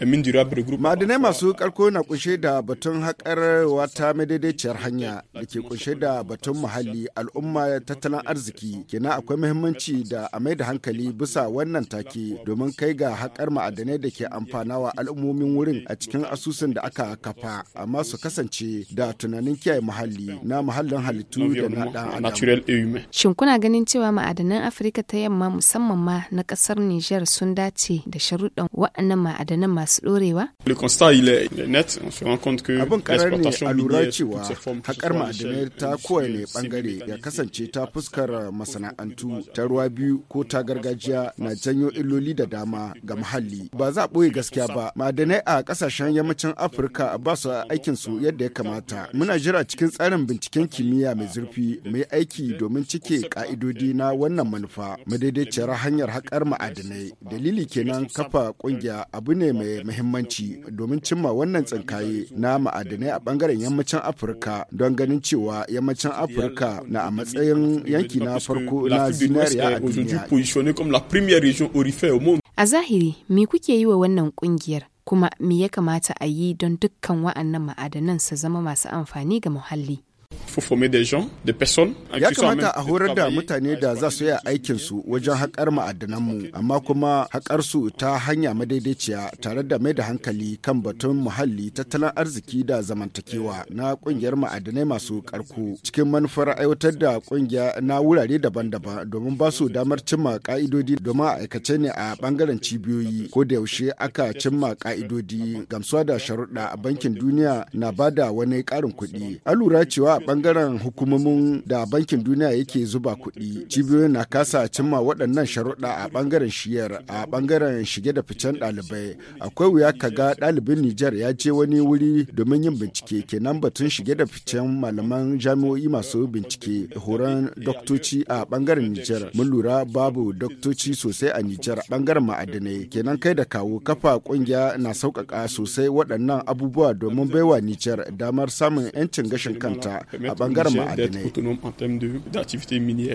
ma'adanai masu karko na kunshe da batun haƙar wata madaidaiciyar hanya da ke kunshe da batun muhalli al'umma tattalin arziki kenan akwai muhimmanci da a mai da hankali bisa wannan take domin kai ga haƙar ma'adanai da ke amfana wa al'ummomin wurin a cikin asusun da aka kafa amma su kasance da tunanin kiyaye muhalli na muhallin halittu da na ɗan adam. Shin kuna ganin cewa ma'adanan Afirka ta yamma musamman ma na ƙasar Nijar sun dace da sharuɗan waɗannan ma'adanan masu masu ɗorewa? Abin karar a lura cewa haƙar ma'adanai ta kowane bangare ya kasance ta fuskar masana'antu ta ruwa biyu ko ta gargajiya na janyo illoli da dama ga muhalli. Ba za a ɓoye gaskiya ba, ma'adanai a ƙasashen yammacin Afirka ba su aikin su yadda ya kamata. Muna jira cikin tsarin binciken kimiyya mai zurfi mai aiki domin cike ƙa'idodi na wannan manufa madaidaiciyar hanyar haƙar ma'adinai. Dalili kenan kafa ƙungiya abu ne mai muhimmanci domin cimma wannan tsinkaye na ma'adanai a bangaren yammacin Afirka don ganin cewa yammacin Afirka na a matsayin yanki na farko na zinariya a duniya. A zahiri, me kuke yi wa wannan kungiyar? Kuma me ya kamata a yi don dukkan wa'annan ma'adanan su zama masu amfani ga muhalli? Ya kamata a horar da mutane da za su yi aikinsu wajen haƙar ma'adananmu, amma kuma haƙarsu ta hanya madaidaiciya tare da mai da hankali kan batun muhalli tattalin arziki da zamantakewa na ƙungiyar ma'adanai masu ƙarko cikin manufar aiwatar da ƙungiya na wurare daban-daban domin ba su damar cimma ƙa'idodi domin a aikace ne a ɓangaren cibiyoyi ko da yaushe aka cimma ƙa'idodi gamsuwa da sharuɗa bankin duniya na bada wani ƙarin kuɗi. An lura cewa bangaren hukumomin da bankin duniya yake zuba kuɗi cibiyoyi na kasa cimma waɗannan sharuɗa a bangaren shiyar a bangaren shige da ficen ɗalibai akwai wuya ka ga ɗalibin nijar ya je wani wuri domin yin bincike kenan batun shige da ficen malaman jami'o'i masu bincike horon doktoci a bangaren nijar mun lura babu doktoci sosai a nijar bangaren ma'adinai kenan kai da kawo kafa kungiya na sauƙaƙa sosai waɗannan abubuwa domin baiwa nijar damar samun 'yancin gashin kanta permettre ah, à Bangarma, d'être autonome en termes d'activité minière.